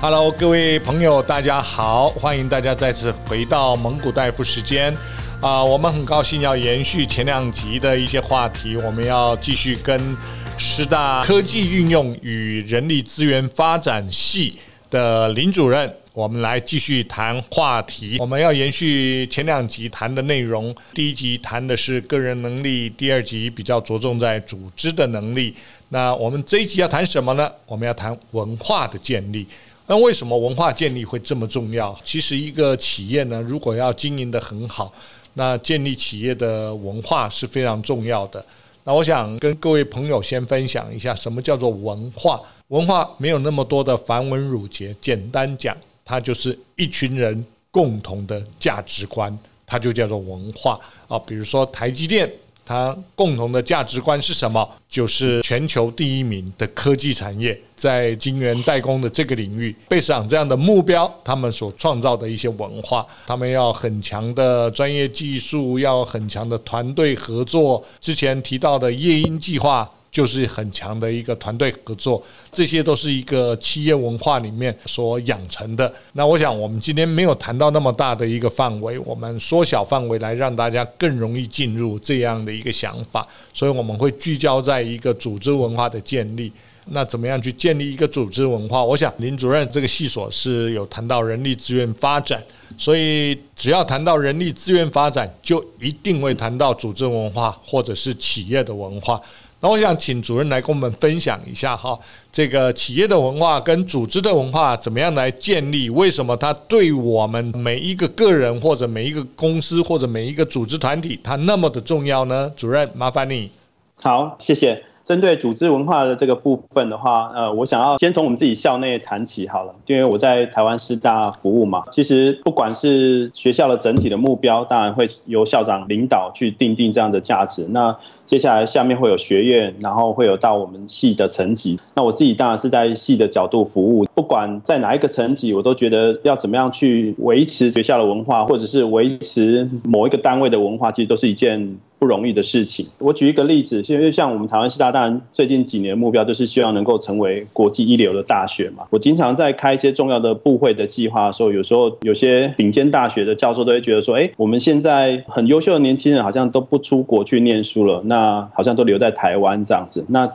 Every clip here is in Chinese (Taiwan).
Hello，各位朋友，大家好！歡迎大家再次回到萌骨戴夫時間。啊、呃，我們很高興要延續前兩集的一些話題，我們要繼續跟師大科技應用與人力資源發展系的林主任，我們來繼續談話題。我們要延續前兩集談的內容，第一集談的是個人能力，第二集比較着重在組織的能力。那我們這一集要談什麼呢？我們要談文化的建立。那為什麼文化建立會這麼重要？其實一個企業呢，如果要經營得很好，那建立企業的文化是非常重要的。那我想跟各位朋友先分享一下，什麼叫做文化？文化沒有那麼多的繁文縟節，簡單講，它就是一群人共同的價值觀，它就叫做文化啊。比如說台積電。它共同的價值觀是什麼？就是全球第一名的科技產業，在晶圓代工的這個領域，貝斯廠這樣的目標，他們所創造的一些文化，他們要很強的專業技術，要很強的團隊合作。之前提到的夜鶯計劃。就是很強的一個團隊合作，這些都是一個企業文化裡面所養成的。那我想，我們今天沒有談到那麼大的一個範圍，我們縮小範圍來讓大家更容易進入這樣的一個想法。所以，我們會聚焦在一個組織文化的建立。那怎麼樣去建立一個組織文化？我想，林主任這個系所是有談到人力資源發展，所以只要談到人力資源發展，就一定會談到組織文化或者是企業的文化。那我想請主任來跟我們分享一下哈，這個企業的文化跟組織的文化怎麼樣來建立？為什麼它對我們每一個個人或者每一個公司或者每一個組織團體，它那麼的重要呢？主任，麻煩你。好，謝謝。針對組織文化的這個部分的話，呃，我想要先從我們自己校內談起好了，因為我在台灣師大服務嘛。其實不管是學校的整體的目標，當然會由校長領導去訂定這樣的價值。那接下來下面會有學院，然後會有到我們系的層級。那我自己當然是在系的角度服務，不管在哪一個層級，我都覺得要怎麼樣去維持學校的文化，或者是維持某一個單位的文化，其實都是一件。不容易的事情。我舉一個例子，現在像我們台灣師大，當然最近幾年的目標就是希望能夠成為國際一流的大學嘛。我經常在開一些重要的部會的計劃的時候，有時候有些頂尖大學的教授都會覺得說：“哎、欸，我們現在很優秀的年輕人好像都不出國去念書了，那好像都留在台灣這樣子。”那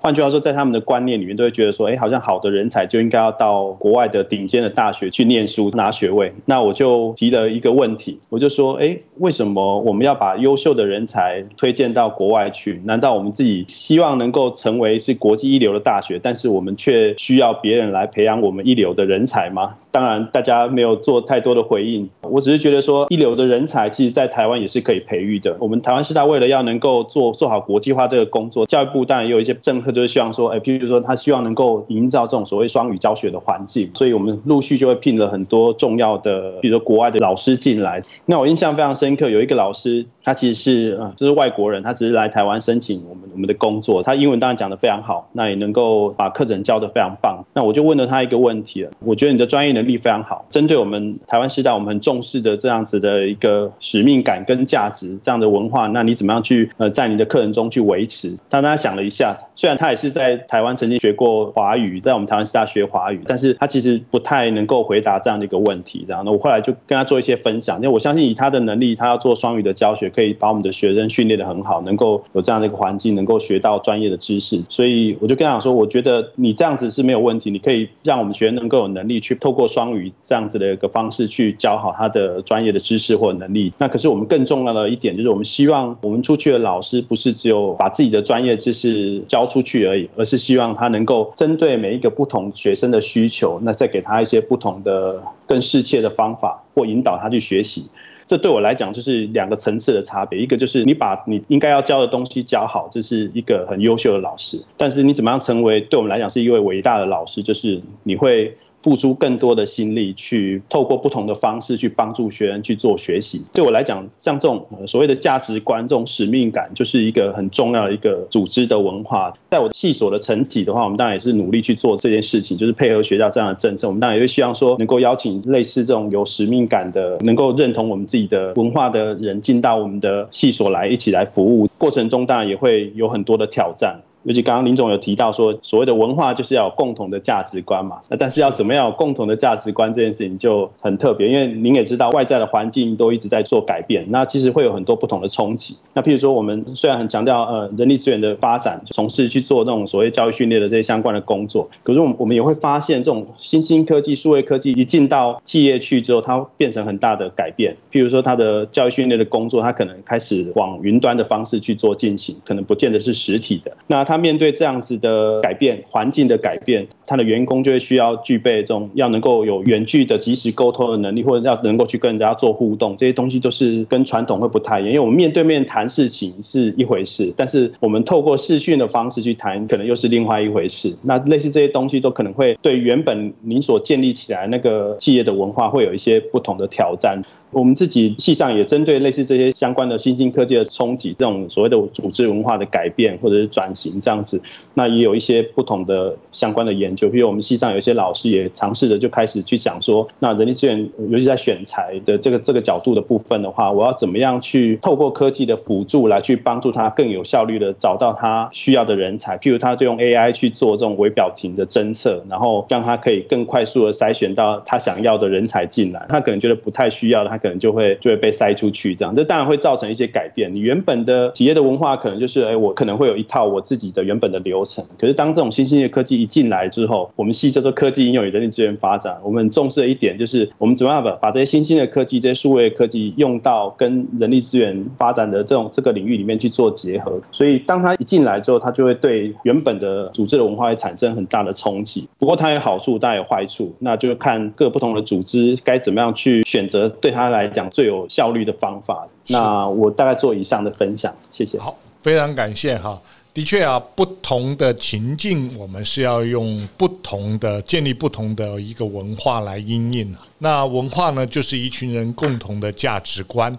換句話說，在他們的觀念裡面，都會覺得說，哎，好像好的人才就應該要到國外的頂尖的大學去念書拿學位。那我就提了一個問題，我就說，哎，為什麼我們要把優秀的人才推薦到國外去？難道我們自己希望能夠成為是國際一流的大學，但是我們卻需要別人來培養我們一流的人才嗎？當然，大家沒有做太多的回應。我只是覺得說，一流的人才其實，在台灣也是可以培育的。我們台灣師大為了要能夠做做好國際化這個工作，教育部當然也有一些政策。他就是希望說，哎，譬如說他希望能夠營造這種所謂雙語教學的環境，所以我們陸續就會聘了很多重要的，比如說國外的老師進來。那我印象非常深刻，有一個老師，他其實是、嗯、就是外國人，他只是來台灣申請我們我們的工作，他英文當然講得非常好，那也能夠把課程教得非常棒。那我就問了他一個問題了，我覺得你的專業能力非常好。針對我們台灣師大，我們很重視的這樣子的一個使命感跟價值這樣的文化，那你怎麼樣去呃在你的課程中去維持？但大家想了一下，雖然他也是在台灣曾經學過華語，在我們台灣師大學華語，但是他其實不太能夠回答這樣的一個問題。然後呢，我後來就跟他做一些分享，因為我相信以他的能力，他要做雙語的教學，可以把我們的學生訓練得很好，能夠有這樣的一個環境，能夠學到專業的知識。所以我就跟他講說，我覺得你這樣子是沒有問題的。你可以讓我們學員能夠有能力去透過雙語這樣子的一個方式去教好他的專業的知識或者能力。那可是我們更重要的一點就是，我們希望我們出去的老師不是只有把自己的專業知識教出去而已，而是希望他能夠針對每一個不同學生的需求，那再給他一些不同的更適切的方法或引導他去學習。這對我來講就是兩個層次的差別，一個就是你把你應該要教的東西教好，這是一個很優秀的老師，但是你怎麼樣成為對我們來講是一位偉大的老師，就是你會。付出更多的心力，去透過不同的方式去幫助學生去做學習。對我來講，像這種所謂的價值觀、這種使命感，就是一個很重要的一個組織的文化。在我系所的層級的話，我們當然也是努力去做這件事情，就是配合學校這樣的政策。我們當然也會希望說，能夠邀請類似這種有使命感的、能夠認同我們自己的文化的人進到我們的系所來，一起來服務。過程中當然也會有很多的挑戰。尤其剛剛林總有提到說，所謂的文化就是要有共同的價值觀嘛。那但是要怎麼樣有共同的價值觀，這件事情就很特別，因為您也知道外在的環境都一直在做改變，那其實會有很多不同的衝擊。那譬如說我們雖然很強調呃人力資源的發展，從事去做那種所謂教育訓練的這些相關的工作，可是我我們也會發現這種新興科技、數位科技一進到企業去之後，它變成很大的改變。譬如說它的教育訓練的工作，它可能開始往雲端的方式去做進行，可能不見得是實體的。那他面對這樣子的改變，環境的改變，他的員工就會需要具備這種要能夠有遠距的即時溝通的能力，或者要能夠去跟人家做互動，這些東西都是跟傳統會不太一樣。因為我們面對面談事情是一回事，但是我們透過視訊的方式去談，可能又是另外一回事。那類似這些東西都可能會對原本您所建立起來那個企業的文化會有一些不同的挑戰。我們自己系上也針對類似這些相關的新興科技的衝擊，這種所謂的組織文化的改變或者是轉型這樣子，那也有一些不同的相關的研究。比如我們系上有一些老師也嘗試着就開始去講說，那人力資源尤其在選才的這個這個角度的部分的話，我要怎麼樣去透過科技的輔助來去幫助他更有效率的找到他需要的人才。譬如他就用 AI 去做這種微表情的偵測，然後讓他可以更快速的篩選到他想要的人才進來。他可能覺得不太需要的他可能就會就會被塞出去，這樣，這當然會造成一些改變。你原本的企業的文化可能就是，哎，我可能會有一套我自己的原本的流程。可是當這種新興的科技一進來之後，我們系這個科技應用與人力資源發展，我們很重視的一點就是，我們怎麼樣把把這些新興的科技、這些數位科技用到跟人力資源發展的這種這個領域裡面去做結合。所以當它一進來之後，它就會對原本的組織的文化會產生很大的衝擊。不過它有好處，當然有壞處，那就看各不同的組織該怎麼樣去選擇對它來講最有效率的方法，那我大概做以上的分享，謝謝。好，非常感謝哈。的確啊，不同的情境，我們是要用不同的建立不同的一個文化來因應。那文化呢，就是一群人共同的價值觀。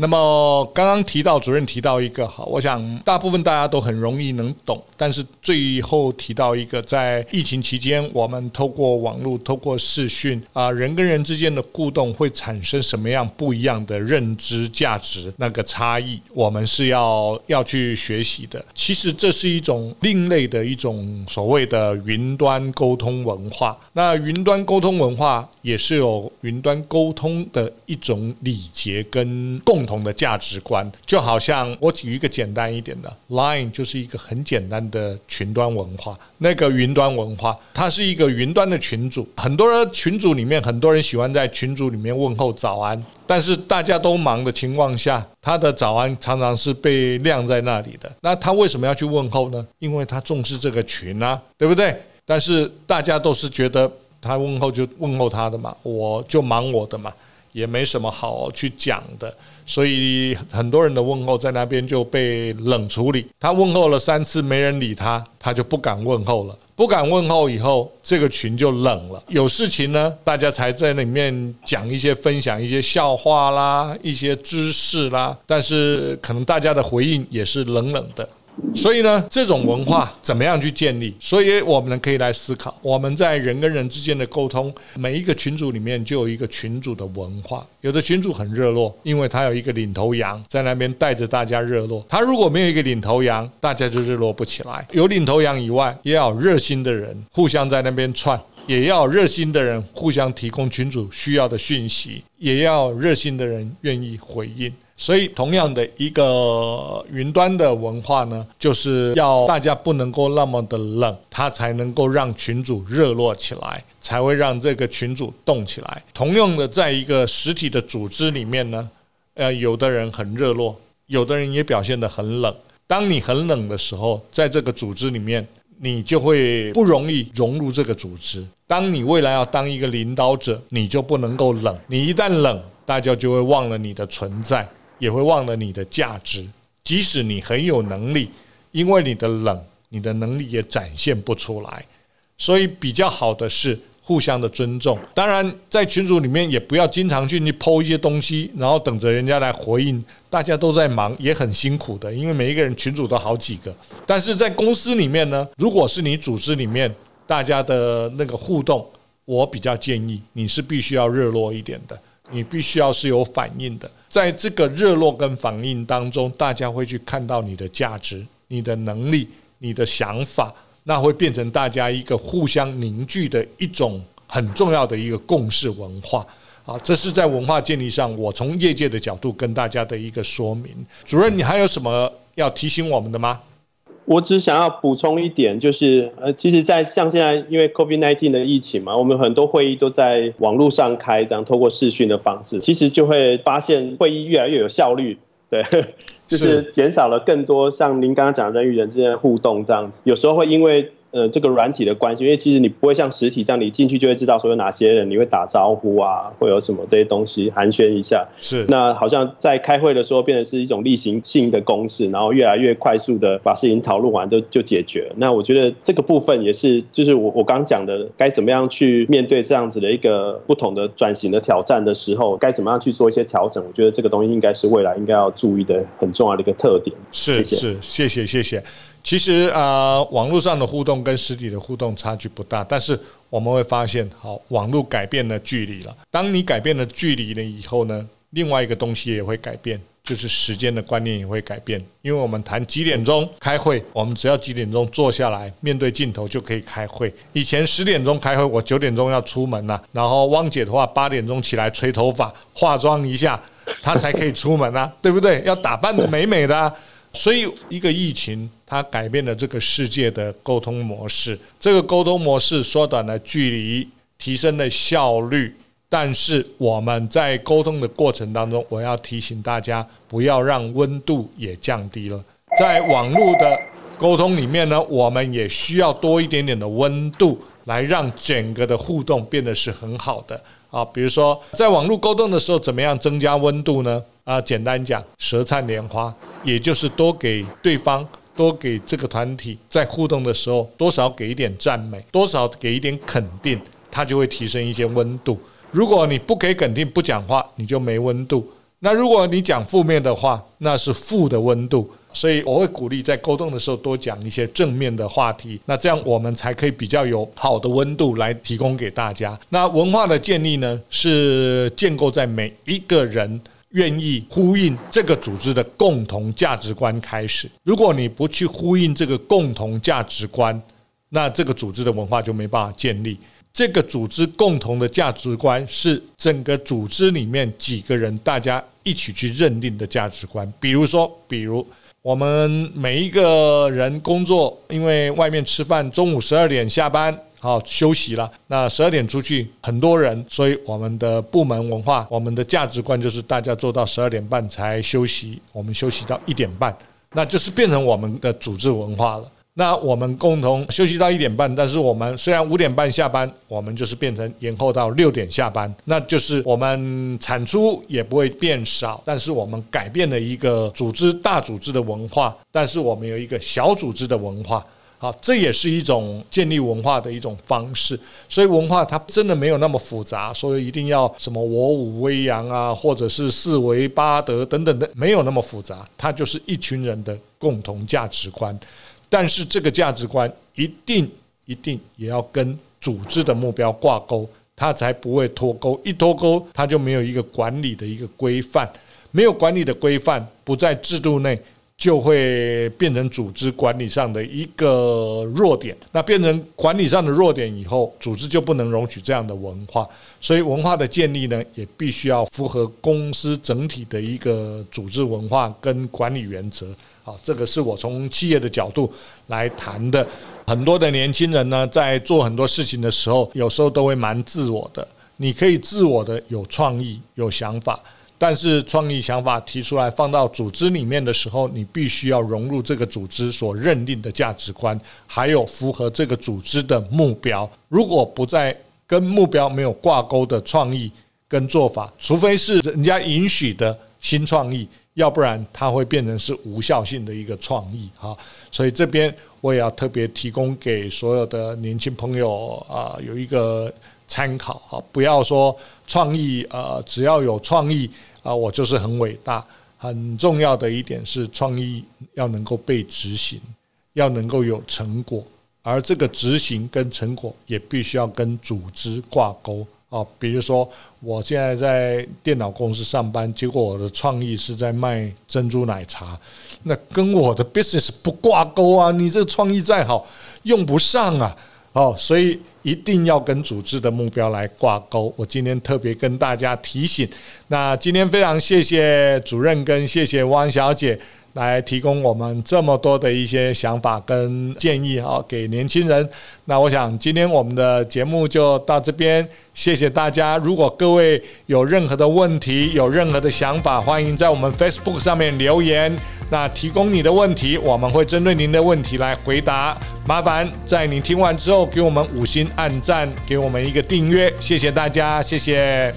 那麼剛剛提到主任提到一個好，我想大部分大家都很容易能懂。但是最後提到一個，在疫情期間，我們透過網絡、透過視訊啊、呃，人跟人之間的互動會產生什麼樣不一樣的認知價值？那個差異，我們是要要去學習的。其實這是一種另類的一種所謂的雲端溝通文化。那雲端溝通文化也是有雲端溝通的一種禮節跟共。不同的價值觀，就好像我舉一個簡單一點的，Line 就是一個很簡單的群端文化。那個雲端文化，它是一個雲端的群組，很多人群組裡面很多人喜歡在群組裡面問候早安，但是大家都忙的情況下，他的早安常常是被晾在那裡的。那他為什麼要去問候呢？因為他重視這個群啊，對不對？但是大家都是覺得他問候就問候他的嘛，我就忙我的嘛。也沒什麼好去講的，所以很多人的問候在那邊就被冷處理。他問候了三次，沒人理他，他就不敢問候了。不敢問候以後，這個群就冷了。有事情呢，大家才在裡面講一些、分享一些笑話啦、一些知識啦，但是可能大家的回應也是冷冷的。所以呢，這種文化怎麼樣去建立？所以我們可以來思考，我們在人跟人之間的溝通，每一個群組裡面就有一個群組的文化。有的群組很熱絡，因為他有一個領頭羊在那邊帶着大家熱絡。他如果沒有一個領頭羊，大家就熱絡不起來。有領頭羊以外，也要熱心的人互相在那邊串，也要熱心的人互相提供群組需要的訊息，也要熱心的人願意回應。所以，同樣的一個雲端的文化呢，就是要大家不能夠那麼的冷，它才能夠讓群組熱絡起來，才會讓這個群組動起來。同樣的，在一個實體的組織裡面呢，呃，有的人很熱絡，有的人也表現得很冷。當你很冷的時候，在這個組織裡面，你就會不容易融入這個組織。當你未來要當一個領導者，你就不能夠冷，你一旦冷，大家就會忘了你的存在。也會忘了你的價值，即使你很有能力，因為你的冷，你的能力也展現不出來。所以比較好的是互相的尊重。當然，在群組裡面也不要經常去 po 一些東西，然後等着人家來回應。大家都在忙，也很辛苦的，因為每一個人群組都好幾個。但是在公司裡面呢，如果是你組織裡面大家的那個互動，我比較建議你是必須要熱絡一點的。你必須要是有反應的，在這個熱絡跟反應當中，大家會去看到你的價值、你的能力、你的想法，那會變成大家一個互相凝聚的一種很重要的一個共識文化啊！這是在文化建立上，我從業界的角度跟大家的一個說明。主任，你還有什麼要提醒我們的嗎？我只想要補充一點，就是呃，其實，在像現在因為 COVID-19 的疫情嘛，我們很多會議都在網絡上開，這樣透過視訊的方式，其實就會發現會議越來越有效率，對，就是減少了更多像您剛剛講人與人之間的互動這樣子，有時候會因為。呃，這個軟體的關係，因為其實你不會像實體這樣，你進去就會知道說有哪些人，你會打招呼啊，會有什麼這些東西寒暄一下。是。那好像在開會的時候，變成是一種例行性的公事，然後越來越快速的把事情討論完就就解決。那我覺得這個部分也是，就是我我剛講的，該怎麼樣去面對這樣子的一個不同的轉型的挑戰的時候，該怎麼樣去做一些調整？我覺得這個東西應該是未來應該要注意的很重要的一個特點。是，謝謝。是，是，謝謝，謝謝。其實啊、呃，網絡上的互動跟實體的互動差距不大，但是我們會發現，好，網絡改變了距離了。當你改變了距離了以後呢，另外一個東西也會改變，就是時間的觀念也會改變。因為我們談幾點鐘開會，我們只要幾點鐘坐下來面對鏡頭就可以開會。以前十點鐘開會，我九點鐘要出門了，啊，然後汪姐的話八點鐘起來吹頭髮、化妝一下，她才可以出門啊， 對不對？要打扮得美美的，啊，所以一個疫情。它改變了這個世界的溝通模式，這個溝通模式縮短了距離，提升了效率。但是我們在溝通的過程當中，我要提醒大家，不要讓溫度也降低了。在網絡的溝通裡面呢，我們也需要多一點點的溫度，來讓整個的互動變得是很好的啊。比如說，在網絡溝通的時候，怎麼樣增加溫度呢？啊，簡單講，舌燦蓮花，也就是多給對方。多給這個團體在互動的時候，多少給一點讚美，多少給一點肯定，它就會提升一些溫度。如果你不給肯定，不講話，你就沒溫度。那如果你講負面的話，那是負的溫度。所以我會鼓勵在溝通的時候多講一些正面的話題，那這樣我們才可以比較有好的溫度來提供給大家。那文化的建立呢，是建構在每一個人，願意呼應這個組織的共同價值觀開始。如果你不去呼應這個共同價值觀，那這個組織的文化就沒辦法建立。這個組織共同的價值觀是整個組織裡面幾個人大家一起去認定的價值觀。比如說，比如我們每一個人工作，因為外面吃飯，中午十二點下班，好休息了，那十二點出去很多人，所以我們的部門文化，我們的價值觀就是大家做到十二點半才休息，我們休息到一點半，那就是變成我們的組織文化了。那我們共同休息到一點半，但是我們雖然五點半下班，我們就是變成延後到六點下班，那就是我們產出也不會變少，但是我們改變了一個組織，大組織的文化，但是我們有一個小組織的文化。好，這也是一種建立文化的一種方式。所以文化它真的沒有那麼複雜，所以一定要什麼“我武維揚”啊，或者是“四維八德”等等的，沒有那麼複雜。它就是一群人的共同價值觀。但是這個價值觀一定，一定也要跟組織的目標掛鈎，它才不會脫鈎。一脫鈎，它就沒有一個管理的一個規範，沒有管理的規範，不在制度內。就會變成組織管理上的一個弱點。那變成管理上的弱點以後，組織就不能容許這樣的文化。所以，文化的建立呢，也必須要符合公司整體的一個組織文化跟管理原則。好，這個是我從企業的角度來談的。很多的年輕人呢，在做很多事情的時候，有時候都會蠻自我的。你可以自我的有創意、有想法。但是創意想法提出來放到組織裡面的時候，你必須要融入這個組織所認定的價值觀，還有符合這個組織的目標。如果不在跟目標沒有掛鈎的創意跟做法，除非是人家允許的新創意，要不然它會變成是無效性的一個創意。好，所以這邊我也要特別提供給所有的年輕朋友啊、呃，有一個。參考啊，不要說創意，呃，只要有創意啊，呃，我就是很偉大。很重要的一點是，創意要能夠被執行，要能夠有成果，而這個執行跟成果也必須要跟組織掛鈎啊。比如說，我現在在電腦公司上班，結果我的創意是在賣珍珠奶茶，那跟我的 business 不掛鈎啊，你這創意再好，用不上啊。哦，所以一定要跟組織的目標來掛鈎。我今天特別跟大家提醒。那今天非常謝謝主任跟謝謝汪小姐。來提供我們這麼多的一些想法跟建議哈、哦，給年輕人。那我想今天我們的節目就到這邊，謝謝大家。如果各位有任何的問題，有任何的想法，歡迎在我們 Facebook 上面留言。那提供你的問題，我們會針對您的問題來回答。麻煩在您聽完之後，給我們五星按讚，給我們一個訂閱。謝謝大家，謝謝。